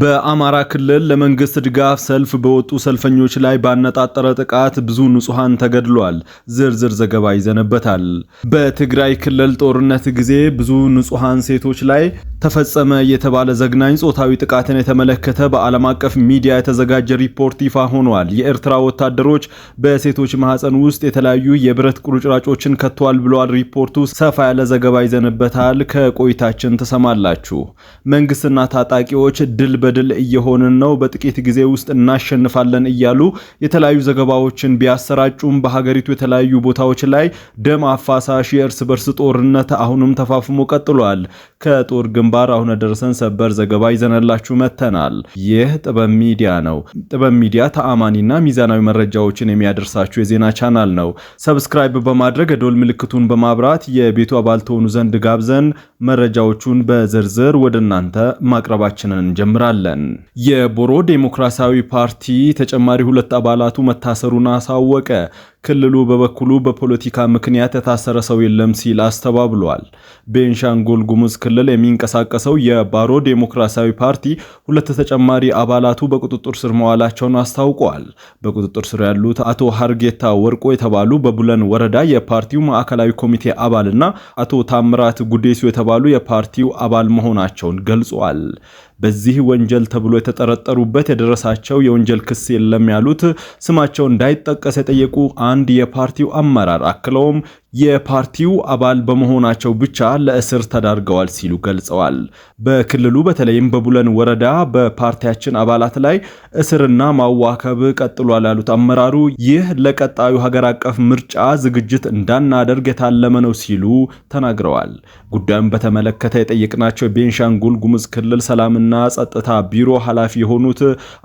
በአማራ ክልል ለመንግስት ድጋፍ ሰልፍ በወጡ ሰልፈኞች ላይ ባነጣጠረ ጥቃት ብዙ ንጹሐን ተገድሏል። ዝርዝር ዘገባ ይዘንበታል። በትግራይ ክልል ጦርነት ጊዜ ብዙ ንጹሐን ሴቶች ላይ ተፈጸመ የተባለ ዘግናኝ ጾታዊ ጥቃትን የተመለከተ በዓለም አቀፍ ሚዲያ የተዘጋጀ ሪፖርት ይፋ ሆኗል። የኤርትራ ወታደሮች በሴቶች ማህፀን ውስጥ የተለያዩ የብረት ቁርጭራጮችን ከቷል ብለዋል። ሪፖርቱ ሰፋ ያለ ዘገባ ይዘንበታል። ከቆይታችን ትሰማላችሁ። መንግስትና ታጣቂዎች ድል በድል እየሆንን ነው፣ በጥቂት ጊዜ ውስጥ እናሸንፋለን እያሉ የተለያዩ ዘገባዎችን ቢያሰራጩም በሀገሪቱ የተለያዩ ቦታዎች ላይ ደም አፋሳሽ የእርስ በርስ ጦርነት አሁንም ተፋፍሞ ቀጥሏል። ከጦር ግንባር አሁን ደርሰን ሰበር ዘገባ ይዘነላችሁ መጥተናል። ይህ ጥበብ ሚዲያ ነው። ጥበብ ሚዲያ ተአማኒና ሚዛናዊ መረጃዎችን የሚያደርሳችሁ የዜና ቻናል ነው። ሰብስክራይብ በማድረግ ዶል ምልክቱን በማብራት የቤቱ አባል ትሆኑ ዘንድ ጋብዘን መረጃዎቹን በዝርዝር ወደ እናንተ ማቅረባችንን እንጀምራለን። የቦሮ ዴሞክራሲያዊ ፓርቲ ተጨማሪ ሁለት አባላቱ መታሰሩን አሳወቀ። ክልሉ በበኩሉ በፖለቲካ ምክንያት የታሰረ ሰው የለም ሲል አስተባብሏል። ቤንሻንጉል ጉሙዝ ክልል የሚንቀሳቀሰው የባሮ ዴሞክራሲያዊ ፓርቲ ሁለት ተጨማሪ አባላቱ በቁጥጥር ስር መዋላቸውን አስታውቀዋል። በቁጥጥር ስር ያሉት አቶ ሀርጌታ ወርቆ የተባሉ በቡለን ወረዳ የፓርቲው ማዕከላዊ ኮሚቴ አባልና አቶ ታምራት ጉዴሱ የተባሉ የፓርቲው አባል መሆናቸውን ገልጿል። በዚህ ወንጀል ተብሎ የተጠረጠሩበት የደረሳቸው የወንጀል ክስ የለም ያሉት ስማቸው እንዳይጠቀስ የጠየቁ አንድ የፓርቲው አመራር አክለውም የፓርቲው አባል በመሆናቸው ብቻ ለእስር ተዳርገዋል ሲሉ ገልጸዋል። በክልሉ በተለይም በቡለን ወረዳ በፓርቲያችን አባላት ላይ እስርና ማዋከብ ቀጥሏል ያሉት አመራሩ ይህ ለቀጣዩ ሀገር አቀፍ ምርጫ ዝግጅት እንዳናደርግ የታለመ ነው ሲሉ ተናግረዋል። ጉዳዩን በተመለከተ የጠየቅናቸው የቤንሻንጉል ጉሙዝ ክልል ሰላምና ጸጥታ ቢሮ ኃላፊ የሆኑት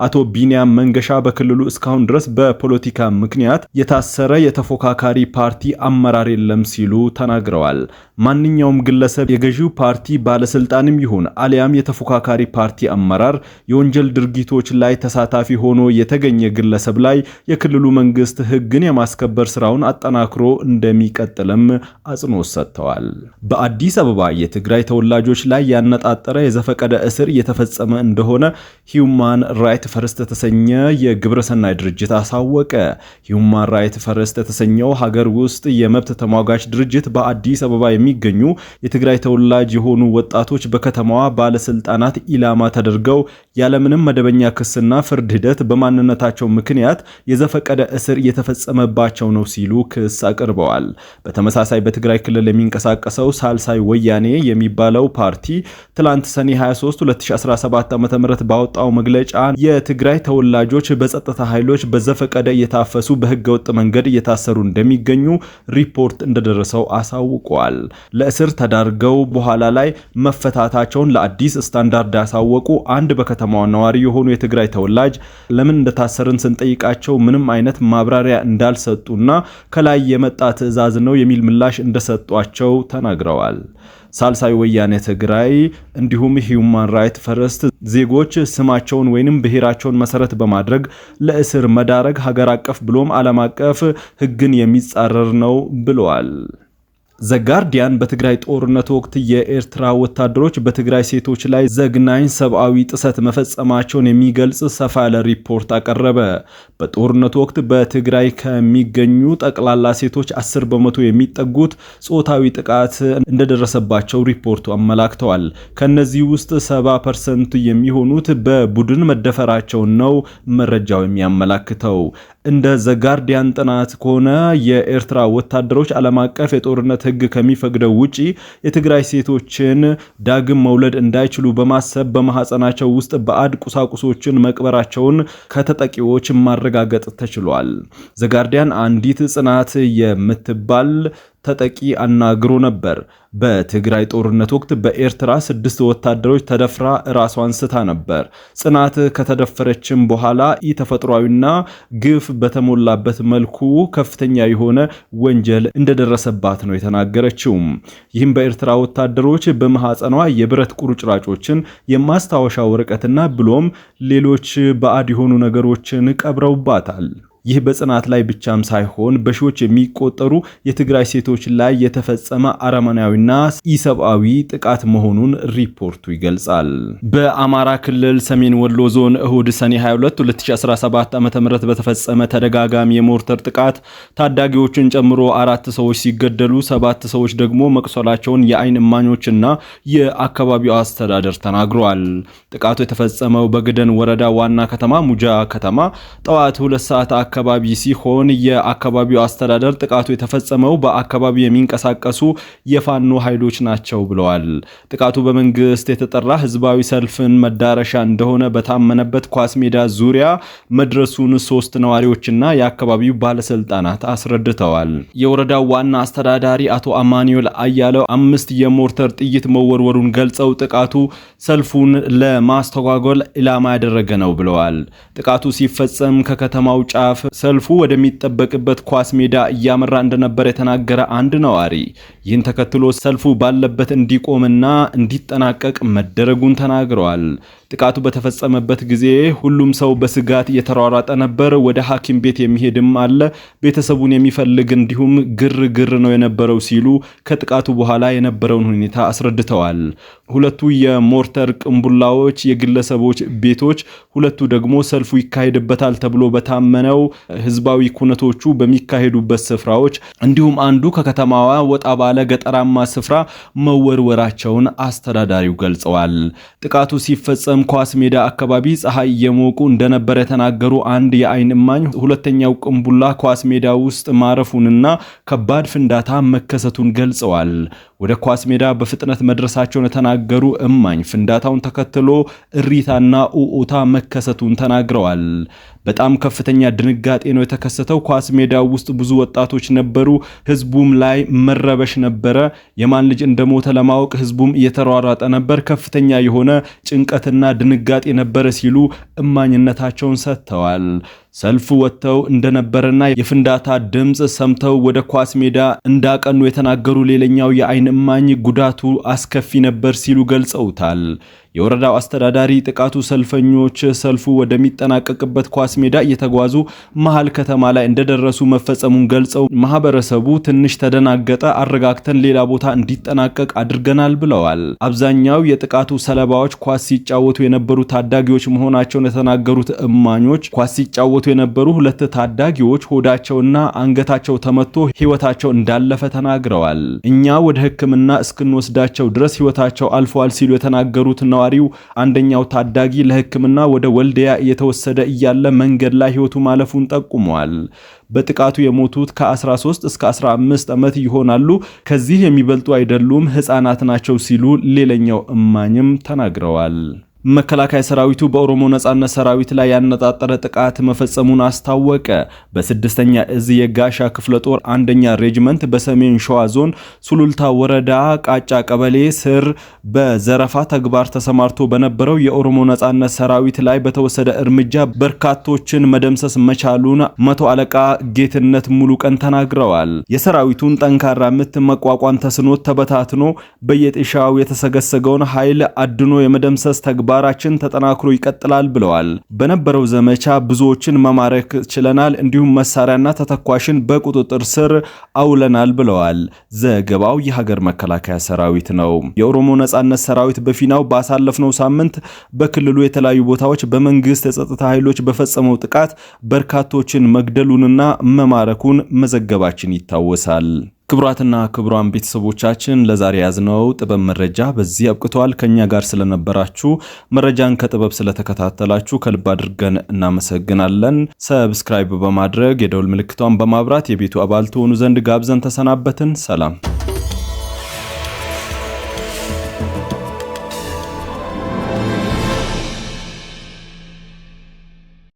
አቶ ቢንያም መንገሻ በክልሉ እስካሁን ድረስ በፖለቲካ ምክንያት የታሰረ የተፎካካሪ ፓርቲ አመራር የለም ሲሉ ተናግረዋል። ማንኛውም ግለሰብ የገዢው ፓርቲ ባለስልጣንም ይሁን አሊያም የተፎካካሪ ፓርቲ አመራር የወንጀል ድርጊቶች ላይ ተሳታፊ ሆኖ የተገኘ ግለሰብ ላይ የክልሉ መንግስት ህግን የማስከበር ስራውን አጠናክሮ እንደሚቀጥልም አጽንኦት ሰጥተዋል። በአዲስ አበባ የትግራይ ተወላጆች ላይ ያነጣጠረ የዘፈቀደ እስር እየተፈጸመ እንደሆነ ሂዩማን ራይት ፈርስት የተሰኘ የግብረሰናይ ድርጅት አሳወቀ። ሂዩማን ራይት ፈርስት የተሰኘው ሀገር ውስጥ የመብት ተሟጋች ድርጅት በአዲስ አበባ የሚገኙ የትግራይ ተወላጅ የሆኑ ወጣቶች በከተማዋ ባለስልጣናት ኢላማ ተደርገው ያለምንም መደበኛ ክስና ፍርድ ሂደት በማንነታቸው ምክንያት የዘፈቀደ እስር እየተፈጸመባቸው ነው ሲሉ ክስ አቅርበዋል። በተመሳሳይ በትግራይ ክልል የሚንቀሳቀሰው ሳልሳይ ወያኔ የሚባለው ፓርቲ ትላንት ሰኔ 23 2017 ዓ ም ባወጣው መግለጫ የትግራይ ተወላጆች በጸጥታ ኃይሎች በዘፈቀደ እየታፈሱ በህገ ወጥ መንገድ እየታሰሩ እንደሚገኙ ሪፖርት ሪፖርት እንደደረሰው አሳውቋል። ለእስር ተዳርገው በኋላ ላይ መፈታታቸውን ለአዲስ ስታንዳርድ ያሳወቁ አንድ በከተማዋ ነዋሪ የሆኑ የትግራይ ተወላጅ ለምን እንደታሰርን ስንጠይቃቸው ምንም አይነት ማብራሪያ እንዳልሰጡና ከላይ የመጣ ትዕዛዝ ነው የሚል ምላሽ እንደሰጧቸው ተናግረዋል። ሳልሳይ ወያነ ትግራይ እንዲሁም ሂዩማን ራይት ፈረስት ዜጎች ስማቸውን ወይንም ብሔራቸውን መሰረት በማድረግ ለእስር መዳረግ ሀገር አቀፍ ብሎም ዓለም አቀፍ ሕግን የሚጻረር ነው ብለዋል። ዘጋርዲያን በትግራይ ጦርነት ወቅት የኤርትራ ወታደሮች በትግራይ ሴቶች ላይ ዘግናኝ ሰብአዊ ጥሰት መፈጸማቸውን የሚገልጽ ሰፋ ያለ ሪፖርት አቀረበ። በጦርነቱ ወቅት በትግራይ ከሚገኙ ጠቅላላ ሴቶች 10 በመቶ የሚጠጉት ጾታዊ ጥቃት እንደደረሰባቸው ሪፖርቱ አመላክተዋል። ከነዚህ ውስጥ 70 ፐርሰንት የሚሆኑት በቡድን መደፈራቸውን ነው መረጃው የሚያመላክተው። እንደ ዘጋርዲያን ጥናት ከሆነ የኤርትራ ወታደሮች ዓለም አቀፍ የጦርነት ሕግ ከሚፈቅደው ውጪ የትግራይ ሴቶችን ዳግም መውለድ እንዳይችሉ በማሰብ በማህፀናቸው ውስጥ ባዕድ ቁሳቁሶችን መቅበራቸውን ከተጠቂዎች ማረጋገጥ ተችሏል። ዘጋርዲያን አንዲት ጽናት የምትባል ተጠቂ አናግሮ ነበር። በትግራይ ጦርነት ወቅት በኤርትራ ስድስት ወታደሮች ተደፍራ ራሷን ስታ ነበር። ጽናት ከተደፈረችም በኋላ ኢተፈጥሯዊና ግፍ በተሞላበት መልኩ ከፍተኛ የሆነ ወንጀል እንደደረሰባት ነው የተናገረችው። ይህም በኤርትራ ወታደሮች በማህፀኗ የብረት ቁርጭራጮችን፣ የማስታወሻ ወረቀትና ብሎም ሌሎች ባዕድ የሆኑ ነገሮችን ቀብረውባታል። ይህ በጽናት ላይ ብቻም ሳይሆን በሺዎች የሚቆጠሩ የትግራይ ሴቶች ላይ የተፈጸመ አረመናዊና ኢሰብአዊ ጥቃት መሆኑን ሪፖርቱ ይገልጻል። በአማራ ክልል ሰሜን ወሎ ዞን እሁድ ሰኔ 22 2017 ዓ.ም በተፈጸመ ተደጋጋሚ የሞርተር ጥቃት ታዳጊዎችን ጨምሮ አራት ሰዎች ሲገደሉ ሰባት ሰዎች ደግሞ መቁሰላቸውን የአይን እማኞችና የአካባቢው አስተዳደር ተናግረዋል። ጥቃቱ የተፈጸመው በግደን ወረዳ ዋና ከተማ ሙጃ ከተማ ጠዋት ሁለት ሰዓት አካባቢ ሲሆን የአካባቢው አስተዳደር ጥቃቱ የተፈጸመው በአካባቢው የሚንቀሳቀሱ የፋኖ ኃይሎች ናቸው ብለዋል። ጥቃቱ በመንግስት የተጠራ ህዝባዊ ሰልፍን መዳረሻ እንደሆነ በታመነበት ኳስ ሜዳ ዙሪያ መድረሱን ሶስት ነዋሪዎችና የአካባቢው ባለስልጣናት አስረድተዋል። የወረዳው ዋና አስተዳዳሪ አቶ አማኒዮል አያለው አምስት የሞርተር ጥይት መወርወሩን ገልጸው ጥቃቱ ሰልፉን ለማስተጓጎል ኢላማ ያደረገ ነው ብለዋል። ጥቃቱ ሲፈጸም ከከተማው ጫፍ ሰልፉ ወደሚጠበቅበት ኳስ ሜዳ እያመራ እንደነበር የተናገረ አንድ ነዋሪ ይህን ተከትሎ ሰልፉ ባለበት እንዲቆምና እንዲጠናቀቅ መደረጉን ተናግረዋል። ጥቃቱ በተፈጸመበት ጊዜ ሁሉም ሰው በስጋት እየተሯሯጠ ነበር። ወደ ሐኪም ቤት የሚሄድም አለ፣ ቤተሰቡን የሚፈልግ እንዲሁም ግር ግር ነው የነበረው ሲሉ ከጥቃቱ በኋላ የነበረውን ሁኔታ አስረድተዋል። ሁለቱ የሞርተር ቅንቡላዎች የግለሰቦች ቤቶች፣ ሁለቱ ደግሞ ሰልፉ ይካሄድበታል ተብሎ በታመነው ህዝባዊ ኩነቶቹ በሚካሄዱበት ስፍራዎች እንዲሁም አንዱ ከከተማዋ ወጣ ባለ ገጠራማ ስፍራ መወርወራቸውን አስተዳዳሪው ገልጸዋል። ጥቃቱ ሲፈጸም ኳስ ሜዳ አካባቢ ፀሐይ እየሞቁ እንደነበር የተናገሩ አንድ የአይን እማኝ ሁለተኛው ቅንቡላ ኳስ ሜዳ ውስጥ ማረፉንና ከባድ ፍንዳታ መከሰቱን ገልጸዋል። ወደ ኳስ ሜዳ በፍጥነት መድረሳቸውን የተናገሩ እማኝ ፍንዳታውን ተከትሎ እሪታና ኡኡታ መከሰቱን ተናግረዋል። በጣም ከፍተኛ ድንጋ ድንጋጤ ነው የተከሰተው። ኳስ ሜዳው ውስጥ ብዙ ወጣቶች ነበሩ። ህዝቡም ላይ መረበሽ ነበረ። የማን ልጅ እንደሞተ ለማወቅ ህዝቡም እየተሯሯጠ ነበር። ከፍተኛ የሆነ ጭንቀትና ድንጋጤ ነበረ ሲሉ እማኝነታቸውን ሰጥተዋል። ሰልፉ ወጥተው እንደነበረና የፍንዳታ ድምፅ ሰምተው ወደ ኳስ ሜዳ እንዳቀኑ የተናገሩ ሌላኛው የአይን እማኝ ጉዳቱ አስከፊ ነበር ሲሉ ገልጸውታል። የወረዳው አስተዳዳሪ ጥቃቱ ሰልፈኞች ሰልፉ ወደሚጠናቀቅበት ኳስ ሜዳ እየተጓዙ መሃል ከተማ ላይ እንደደረሱ መፈጸሙን ገልጸው ማህበረሰቡ ትንሽ ተደናገጠ፣ አረጋግተን ሌላ ቦታ እንዲጠናቀቅ አድርገናል ብለዋል። አብዛኛው የጥቃቱ ሰለባዎች ኳስ ሲጫወቱ የነበሩ ታዳጊዎች መሆናቸውን የተናገሩት እማኞች ኳስ ሲጫወቱ ሲጫወቱ የነበሩ ሁለት ታዳጊዎች ሆዳቸውና አንገታቸው ተመቶ ሕይወታቸው እንዳለፈ ተናግረዋል። እኛ ወደ ሕክምና እስክንወስዳቸው ድረስ ሕይወታቸው አልፈዋል ሲሉ የተናገሩት ነዋሪው አንደኛው ታዳጊ ለሕክምና ወደ ወልዲያ እየተወሰደ እያለ መንገድ ላይ ሕይወቱ ማለፉን ጠቁመዋል። በጥቃቱ የሞቱት ከ13 እስከ 15 ዓመት ይሆናሉ፣ ከዚህ የሚበልጡ አይደሉም፣ ሕፃናት ናቸው ሲሉ ሌላኛው እማኝም ተናግረዋል። መከላከያ ሰራዊቱ በኦሮሞ ነጻነት ሰራዊት ላይ ያነጣጠረ ጥቃት መፈጸሙን አስታወቀ። በስድስተኛ እዝ የጋሻ ክፍለ ጦር አንደኛ ሬጅመንት በሰሜን ሸዋ ዞን ሱሉልታ ወረዳ ቃጫ ቀበሌ ስር በዘረፋ ተግባር ተሰማርቶ በነበረው የኦሮሞ ነጻነት ሰራዊት ላይ በተወሰደ እርምጃ በርካቶችን መደምሰስ መቻሉን መቶ አለቃ ጌትነት ሙሉ ቀን ተናግረዋል። የሰራዊቱን ጠንካራ ምት መቋቋም ተስኖት ተበታትኖ በየጤሻው የተሰገሰገውን ኃይል አድኖ የመደምሰስ ተግባር ግንባራችን ተጠናክሮ ይቀጥላል ብለዋል። በነበረው ዘመቻ ብዙዎችን መማረክ ችለናል፣ እንዲሁም መሳሪያና ተተኳሽን በቁጥጥር ስር አውለናል ብለዋል። ዘገባው የሀገር መከላከያ ሰራዊት ነው። የኦሮሞ ነጻነት ሰራዊት በፊናው ባሳለፍነው ሳምንት በክልሉ የተለያዩ ቦታዎች በመንግስት የጸጥታ ኃይሎች በፈጸመው ጥቃት በርካቶችን መግደሉንና መማረኩን መዘገባችን ይታወሳል። ክቡራትና ክቡራን ቤተሰቦቻችን ለዛሬ ያዝነው ጥበብ መረጃ በዚህ አብቅተዋል። ከኛ ጋር ስለነበራችሁ መረጃን ከጥበብ ስለተከታተላችሁ ከልብ አድርገን እናመሰግናለን። ሰብስክራይብ በማድረግ የደውል ምልክቷን በማብራት የቤቱ አባል ትሆኑ ዘንድ ጋብዘን ተሰናበትን። ሰላም